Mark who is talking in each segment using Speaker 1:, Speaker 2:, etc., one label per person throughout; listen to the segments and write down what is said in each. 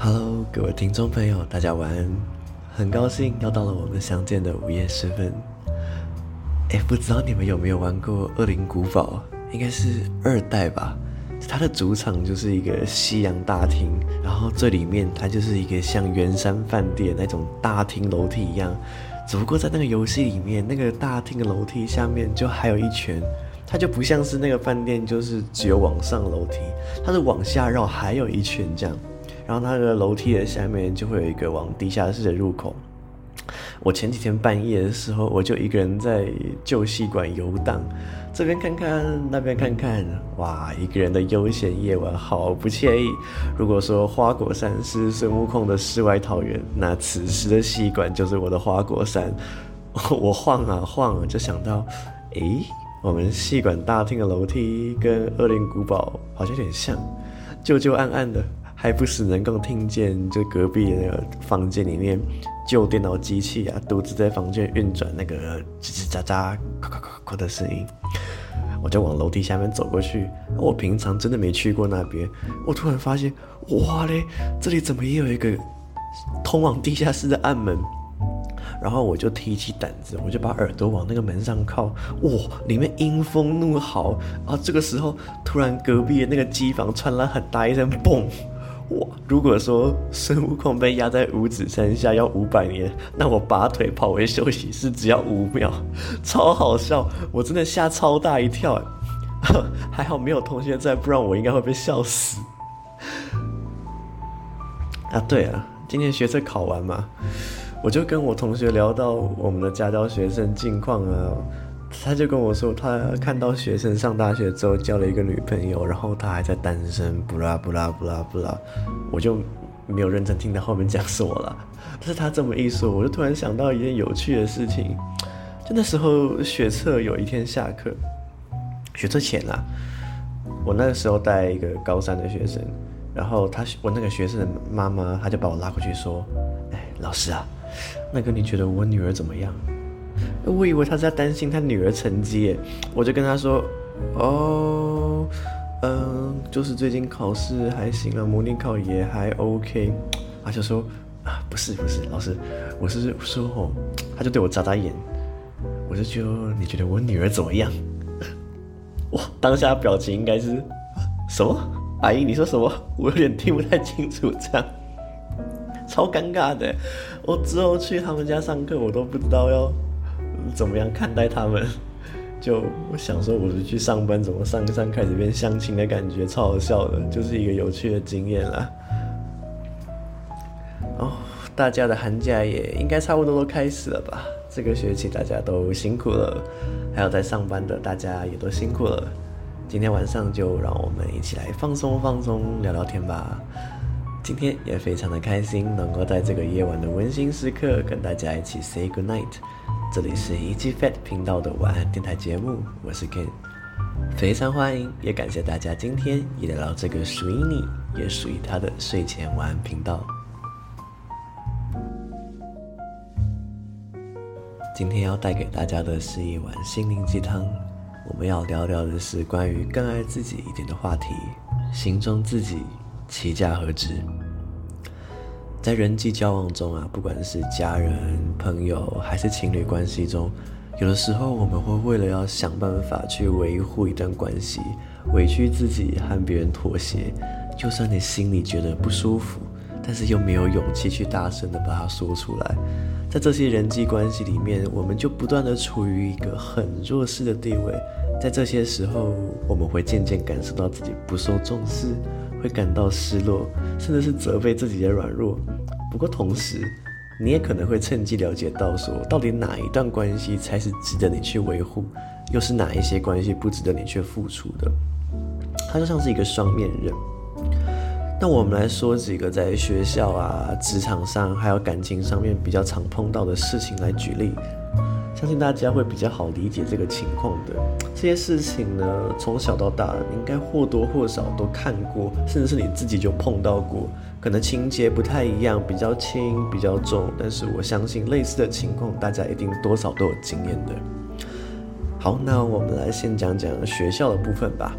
Speaker 1: Hello，各位聽眾朋友，大家晚安。很高興又到了我們相見的午夜時分。哎，不知道你們有沒有玩過《惡靈古堡》，應該是二代吧？它的主場就是一個西洋大廳，然後這裡面它就是一個像圓山飯店那種大廳樓梯一樣，只不過在那個遊戲裡面，那個大廳的樓梯下面就還有一圈，它就不像是那個飯店，就是只有往上樓梯，它是往下繞還有一圈這樣。然後那個樓梯的下面就會有一個往地下室的入口。我前幾天半夜的時候，我就一個人在舊戲館遊蕩，這邊看看，那邊看看，哇，一個人的悠閒夜晚好不愜意。如果說花果山是孫悟空的世外桃源，那此時的戲館就是我的花果山。我晃啊晃啊，就想到，誒，我們戲館大廳的樓梯跟惡靈古堡好像有點像，舊舊暗暗的。還不時能夠聽見，就隔壁那個房間裡面舊電腦機器啊，獨自在房間運轉那個吱吱喳喳、咔咔咔咔的聲音。我就往樓梯下面走過去，我平常真的沒去過那邊。我突然發現，哇嘞，這裡怎麼也有一個通往地下室的暗門？然後我就提起膽子，我就把耳朵往那個門上靠。哇，裡面陰風怒號啊！然後這個時候，突然隔壁的那個機房傳來很大一聲“嘣”。哇！如果說孫悟空被壓在五指山下要五百年，那我拔腿跑回休息室只要五秒，超好笑！我真的嚇超大一跳，還好沒有同學在，不然我應該會被笑死。啊，對啊，今天學測考完嘛，我就跟我同學聊到我們的家教學生近況啊。他就跟我說，他看到學生上大學之後交了一個女朋友，然後他還在單身，不啦不啦不啦不啦，我就沒有認真聽他後面講什麼了。但是他這麼一說，我就突然想到一件有趣的事情。就那時候學測有一天下課，學測前啦，我那個時候帶一個高三的學生，然後他我那個學生的媽媽，他就把我拉過去說：“哎、欸，老師啊，那個你覺得我女兒怎麼樣？”我以為他是在擔心他女兒成績，我就跟他說：“哦，嗯，就是最近考試還行啊，模擬考也還 OK。”他就說：“啊，不是不是，老師，我是說吼。”他就對我眨眨眼。我就說：“你覺得我女兒怎麼樣？” 哇，當下表情應該是什麼？阿姨，你說什麼？我有點聽不太清楚，這樣超尷尬的。我之後去他們家上課，我都不知道喲。怎麼樣看待他們？就我想說我是去上班，怎麼上一上開始變相親的感覺，超好笑的，就是一個有趣的經驗了。哦，大家的寒假也應該差不多都開始了吧？這個學期大家都辛苦了，還有在上班的大家也都辛苦了。今天晚上就讓我們一起來放鬆放鬆，聊聊天吧。今天也非常的開心，能夠在這個夜晚的溫馨時刻跟大家一起 say good night。這裡是 EG Fat 頻道的晚安電台節目，我是 Ken，非常歡迎，也感謝大家今天也來到這個屬於你，也屬於他的睡前晚安頻道。今天要帶給大家的是一碗心靈雞湯，我們要聊聊的是關於更愛自己一點的話題，心中自己，其價何止。在人際交往中啊，不管是家人、朋友，還是情侶關係中，有的時候我們會為了要想辦法去維護一段關係，委屈自己和別人妥協，就算你心裡覺得不舒服，但是又沒有勇氣去大聲的把它說出來。在這些人際關係裡面，我們就不斷的處於一個很弱勢的地位，在這些時候，我們會漸漸感受到自己不受重視，會感到失落。甚至是責備自己的軟弱，不過同時，你也可能會趁機了解到說，說到底哪一段關係才是值得你去維護，又是哪一些關係不值得你去付出的。他就像是一個雙面人。那我們來說幾個在學校啊、職場上，還有感情上面比較常碰到的事情來舉例，相信大家會比較好理解這個情況的。這些事情呢，從小到大，你應該或多或少都看過，甚至是你自己就碰到過。可能情節不太一樣，比較輕，比較重，但是我相信類似的情況，大家一定多少都有經驗的。好，那我們來先講講學校的部分吧。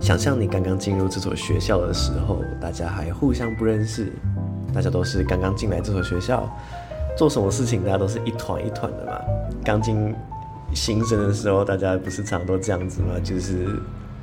Speaker 1: 想象你剛剛進入這所學校的時候，大家還互相不認識，大家都是剛剛進來這所學校，做什麼事情，大家都是一團一團的嘛，剛進。新生的時候，大家不是常常都這樣子嗎？就是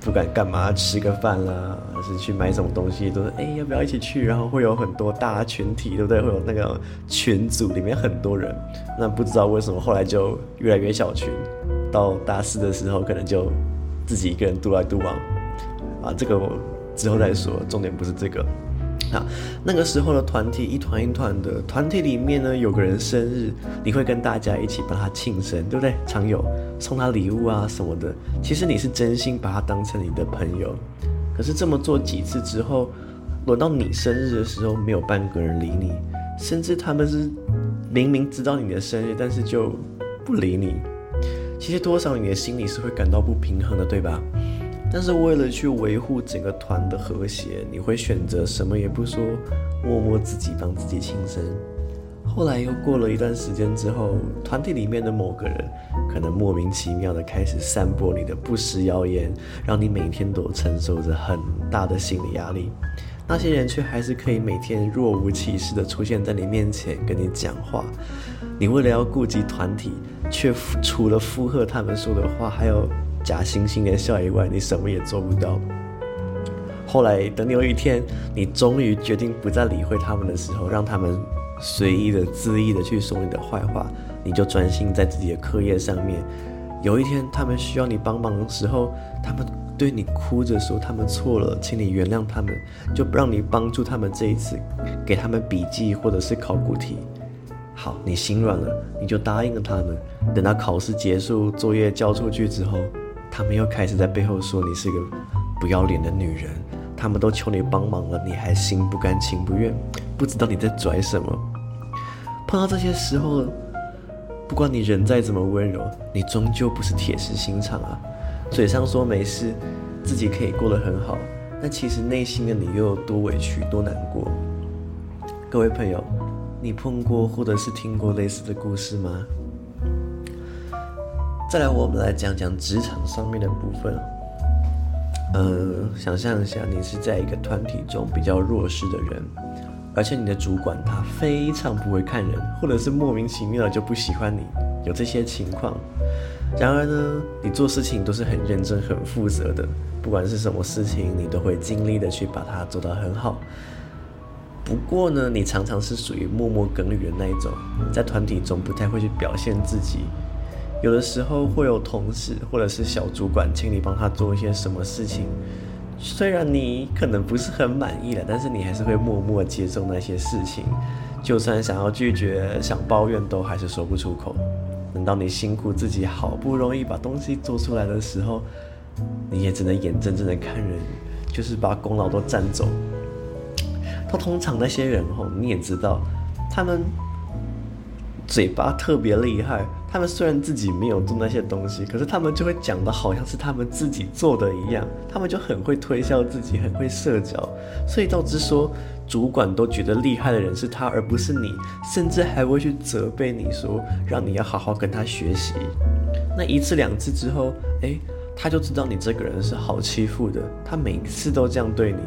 Speaker 1: 不管幹嘛，吃個飯啦、啊，還是去買什麼東西，都說哎、欸、要不要一起去？然後會有很多大群體，對不對？會有那個群組裡面很多人。那不知道為什麼後來就越來越小群，到大四的時候可能就自己一個人獨來獨往啊。這個我之後再說，重點不是這個。那那個時候的團體，一團一團的。團體裡面呢，有個人生日，你會跟大家一起幫他慶生，對不對？常有送他禮物啊什麼的。其實你是真心把他當成你的朋友，可是這麼做幾次之後，輪到你生日的時候，沒有半個人理你，甚至他們是明明知道你的生日，但是就不理你。其實多少你的心裡是會感到不平衡的，對吧？但是為了去維護整個團的和諧，你會選擇什麼也不說，默默自己幫自己慶生。後來又過了一段時間之後，團體裡面的某個人，可能莫名其妙的開始散播你的不實謠言，讓你每天都承受着很大的心理壓力。那些人卻還是可以每天若無其事的出現在你面前跟你講話，你為了要顧及團體，卻除了附和他們說的話，還有。假惺惺的笑以外，你什麼也做不到。後來，等有一天，你終於決定不再理會他們的時候，讓他們隨意的、恣意的去說你的壞話，你就專心在自己的課業上面。有一天，他們需要你幫忙的時候，他們對你哭着說他們錯了，請你原諒他們，就讓你幫助他們這一次，給他們筆記或者是考古題。好，你心軟了，你就答應了他們。等到考試結束，作業交出去之後。他們又開始在背後說你是個不要臉的女人，他們都求你幫忙了，你還心不甘情不願，不知道你在拽什麼。碰到這些時候，不管你人再怎麼溫柔，你終究不是鐵石心腸啊。嘴上說沒事，自己可以過得很好，但其實內心的你又有多委屈、多難過？各位朋友，你碰過或者是聽過類似的故事嗎？再來，我們來講講職場上面的部分。嗯、呃，想象一下，你是在一個團體中比較弱勢的人，而且你的主管他非常不會看人，或者是莫名其妙就不喜歡你，有這些情況。然而呢，你做事情都是很認真、很負責的，不管是什麼事情，你都會盡力的去把它做到很好。不過呢，你常常是屬於默默耕耘的那一種，在團體中不太會去表現自己。有的時候會有同事或者是小主管請你幫他做一些什麼事情，雖然你可能不是很滿意了，但是你還是會默默接受那些事情。就算想要拒絕、想抱怨，都還是說不出口。等到你辛苦自己好不容易把東西做出來的時候，你也只能眼睜睜的看人，就是把功勞都占走。但通常那些人吼，你也知道，他們嘴巴特別厲害。他們雖然自己沒有做那些東西，可是他們就會講得好像是他們自己做的一樣。他們就很會推銷自己，很會社交，所以導致說主管都覺得厲害的人是他，而不是你，甚至還會去責備你說，讓你要好好跟他學習。那一次兩次之後，欸，他就知道你這個人是好欺負的，他每次都這樣對你。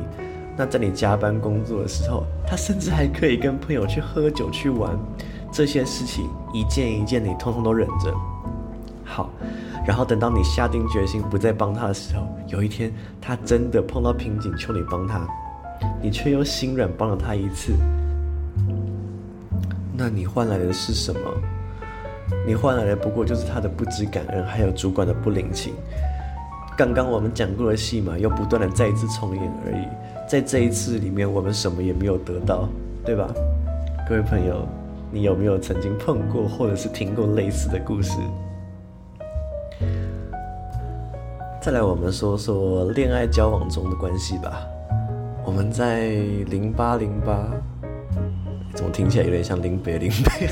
Speaker 1: 那在你加班工作的時候，他甚至還可以跟朋友去喝酒去玩這些事情。一件一件你通通都忍着，好，然後等到你下定決心不再幫他的時候，有一天他真的碰到瓶頸，求你幫他，你卻又心軟幫了他一次，那你換來的是什麼？你換來的不過就是他的不知感恩，還有主管的不領情。剛剛我們講過的戲碼，又不斷的再一次重演而已，在這一次裡面，我們什麼也沒有得到，對吧，各位朋友？你有沒有曾經碰過或者是聽過類似的故事？再來，我們說說戀愛交往中的關係吧。我們在零八零八，怎麼聽起來有點像林北林北？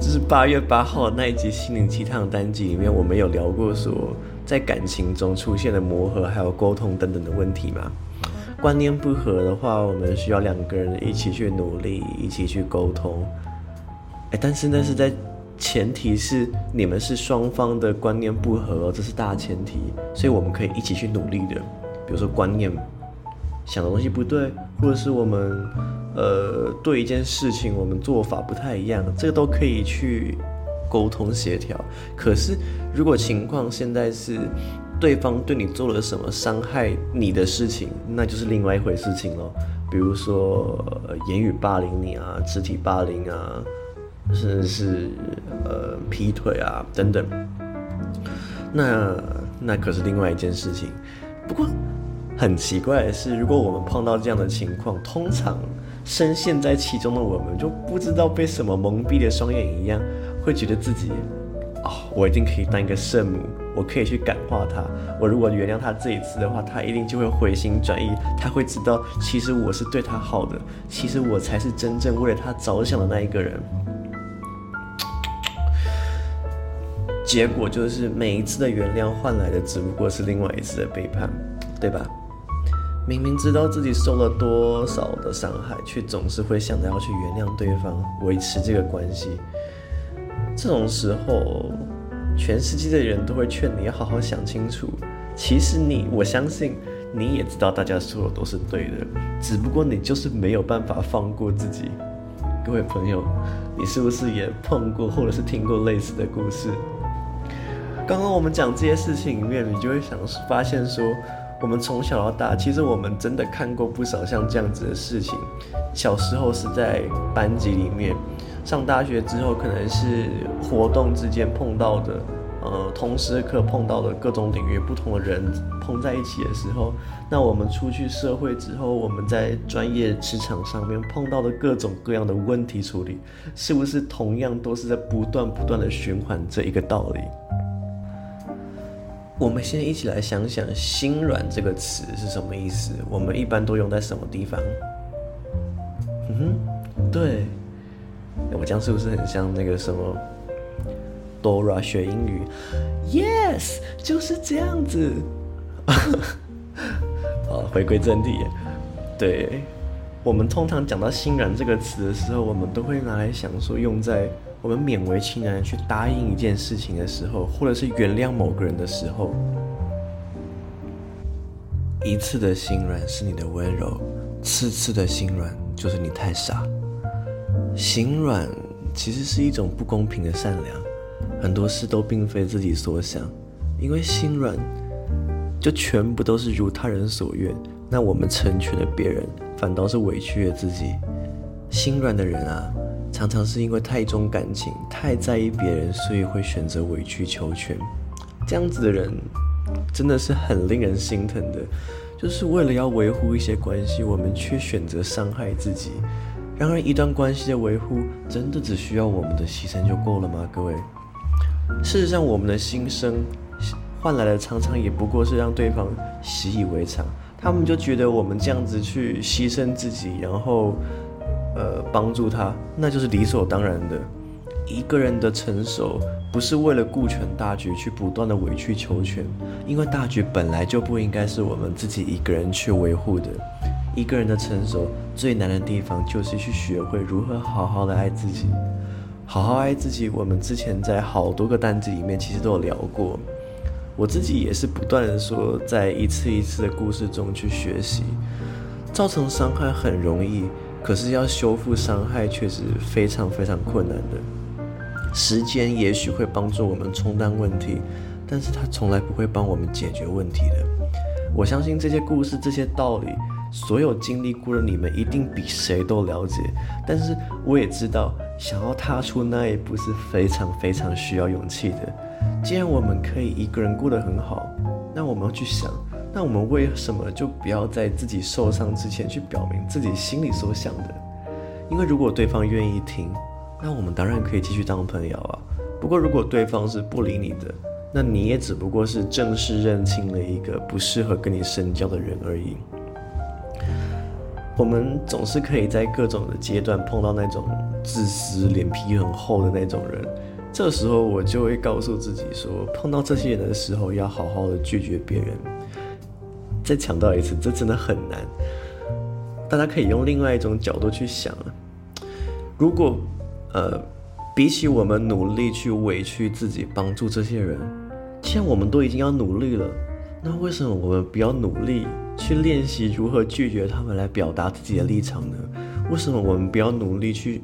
Speaker 1: 這 是八月八號那一集心靈雞湯單集裡面，我們有聊過說，在感情中出現的磨合還有溝通等等的問題嗎？觀念不合的話，我們需要兩個人一起去努力，一起去溝通。誒，但是那是在前提是你們是雙方的觀念不合，這是大前提，所以我們可以一起去努力的。比如說，觀念想的東西不對，或者是我們呃對一件事情我們做法不太一樣，這個都可以去溝通協調。可是如果情況現在是。對方對你做了什麼傷害你的事情，那就是另外一回事情咯。比如說，呃、言語霸凌你啊，肢體霸凌啊，甚至是，是呃劈腿啊等等，那那可是另外一件事情。不過很奇怪的是，如果我們碰到這樣的情況，通常深陷在其中的我們，就不知道被什麼蒙蔽的雙眼一樣，會覺得自己哦，我一定可以當一個聖母。我可以去感化他。我如果原諒他這一次的話，他一定就會回心轉意。他會知道，其實我是對他好的，其實我才是真正為了他着想的那一個人。嘖嘖嘖。結果就是每一次的原諒換來的只不過是另外一次的背叛，對吧？明明知道自己受了多少的傷害，卻總是會想着要去原諒對方，維持這個關係。這種時候。全世界的人都會勸你要好好想清楚。其實你，我相信你也知道，大家說的都是對的，只不過你就是沒有辦法放過自己。各位朋友，你是不是也碰過或者是聽過類似的故事？剛剛我們講這些事情裡面，你就會想發現說，我們從小到大，其實我們真的看過不少像這樣子的事情。小時候是在班級裡面。上大學之後，可能是活動之間碰到的，呃，通識課碰到的各種領域不同的人碰在一起的時候，那我們出去社會之後，我們在專業職場上面碰到的各種各樣的問題處理，是不是同樣都是在不斷不斷的循環這一個道理？ 我們先一起來想想“心軟”這個詞是什麼意思？我們一般都用在什麼地方？嗯哼，對。我這樣是不是很像那個什麼 Dora 學英語？Yes，就是這樣子。好， 回歸正題。對我們通常講到“心軟”這個詞的時候，我們都會拿來想說，用在我們勉為其難去答應一件事情的時候，或者是原諒某個人的時候。一次的心軟是你的溫柔，次次的心軟就是你太傻。心軟其實是一種不公平的善良，很多事都並非自己所想，因為心軟，就全部都是如他人所願，那我們成全了別人，反倒是委屈了自己。心軟的人啊，常常是因為太重感情、太在意別人，所以會選擇委曲求全。這樣子的人，真的是很令人心疼的，就是為了要維護一些關係，我們卻選擇傷害自己。然而，一段關係的維護，真的只需要我們的犧牲就夠了嗎？各位，事實上，我們的心聲換來的，常常也不過是讓對方習以為常。他們就覺得我們這樣子去犧牲自己，然後呃幫助他，那就是理所當然的。一個人的成熟，不是為了顧全大局去不斷的委曲求全，因為大局本來就不應該是我們自己一個人去維護的。一個人的成熟最難的地方，就是去學會如何好好的愛自己，好好愛自己。我們之前在好多個單子裡面，其實都有聊過。我自己也是不斷的說，在一次一次的故事中去學習。造成傷害很容易，可是要修復傷害，卻是非常非常困難的。時間也許會幫助我們沖淡問題，但是它從來不會幫我們解決問題的。我相信這些故事，這些道理，所有經歷過的你們一定比誰都了解，但是我也知道，想要踏出那一步是非常非常需要勇氣的。既然我們可以一個人過得很好，那我們要去想，那我們為什麼就不要在自己受傷之前去表明自己心裡所想的？因為如果對方願意聽，那我們當然可以繼續當朋友啊。不過如果對方是不理你的，那你也只不過是正式認清了一個不適合跟你深交的人而已。我們總是可以在各種的階段碰到那種自私、臉皮很厚的那種人，這時候我就會告訴自己說：碰到這些人的時候，要好好的拒絕別人。再強調一次，這真的很難。大家可以用另外一種角度去想啊，如果，呃，比起我們努力去委屈自己幫助這些人，既然我們都已經要努力了，那為什麼我們不要努力？去練習如何拒絕他們來表達自己的立場呢？為什麼我們不要努力去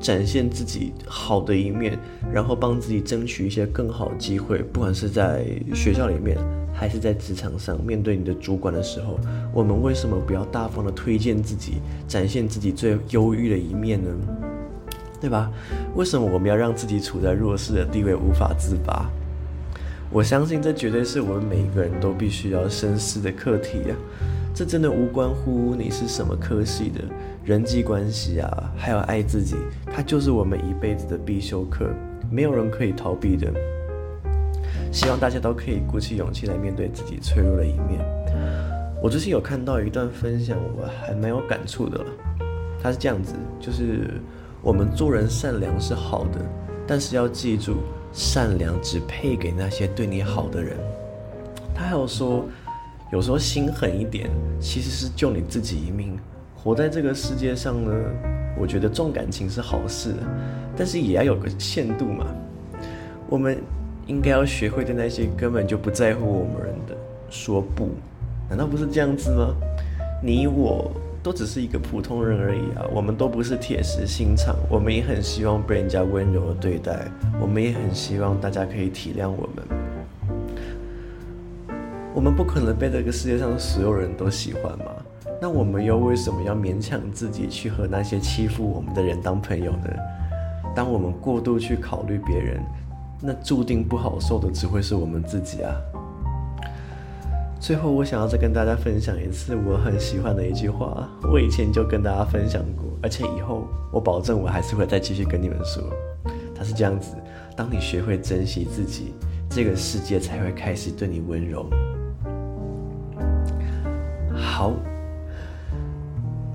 Speaker 1: 展現自己好的一面，然後幫自己爭取一些更好的機會？不管是在學校裡面，還是在職場上，面對你的主管的時候，我們為什麼不要大方的推薦自己，展現自己最優異的一面呢？對吧？為什麼我們要讓自己處在弱勢的地位無法自拔？我相信，這絕對是我們每一個人都必須要深思的課題呀！這真的無關乎你是什麼科系的，人際關係啊，還有愛自己，它就是我們一輩子的必修課，沒有人可以逃避的。希望大家都可以鼓起勇氣來面對自己脆弱的一面。我最近有看到一段分享，我還蠻有感觸的了。它是這樣子，就是我們做人善良是好的。但是要記住，善良只配給那些對你好的人。他還有說，有時候心狠一點，其實是救你自己一命。活在這個世界上呢，我覺得重感情是好事，但是也要有個限度嘛。我們應該要學會對那些根本就不在乎我們人的說不，難道不是這樣子嗎？你我。都只是一個普通人而已啊，我們都不是鐵石心腸，我們也很希望被人家溫柔的對待，我們也很希望大家可以體諒我們。我們不可能被這個世界上所有人都喜歡嘛？那我們又為什麼要勉強自己去和那些欺負我們的人當朋友呢？當我們過度去考慮別人，那注定不好受的只會是我們自己啊。最後，我想要再跟大家分享一次我很喜歡的一句話，我以前就跟大家分享過，而且以後我保證我還是會再繼續跟你們說。它是這樣子：當你學會珍惜自己，這個世界才會開始對你溫柔。好，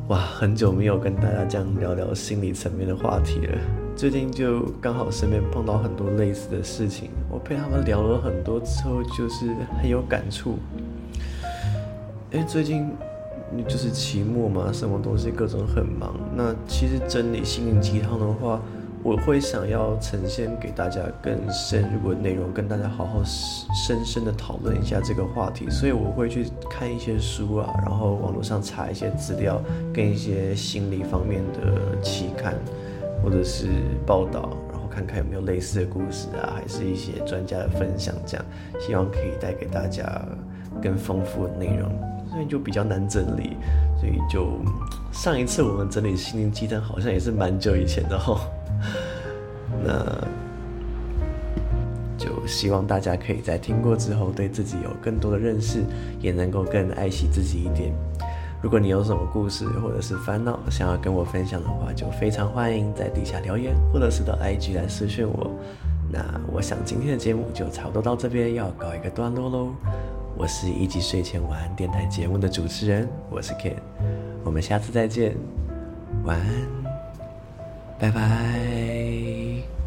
Speaker 1: 哇，很久沒有跟大家這樣聊聊心理層面的話題了。最近就剛好身邊碰到很多類似的事情，我陪他們聊了很多之後，就是很有感觸。哎，最近就是期末嘛，什麼東西各種很忙。那其實整理心靈雞湯的話，我會想要呈現給大家更深入的內容，跟大家好好深深的討論一下這個話題。所以我會去看一些書啊，然後網絡上查一些資料，跟一些心理方面的期刊或者是報道，然後看看有沒有類似的故事啊，還是一些專家的分享這樣，希望可以帶給大家更豐富的內容。所以就比較難整理，所以就上一次我們整理心靈雞湯好像也是蠻久以前的吼。 那就希望大家可以在聽過之後對自己有更多的認識，也能夠更愛惜自己一點。如果你有什麼故事或者是煩惱想要跟我分享的話，就非常歡迎在底下留言，或者是到 IG 來私訊我。那我想今天的節目就差不多到這邊，要告一個段落嘍。我是一級睡前晚安電台節目的主持人，我是 Ken，我們下次再見，晚安，拜拜。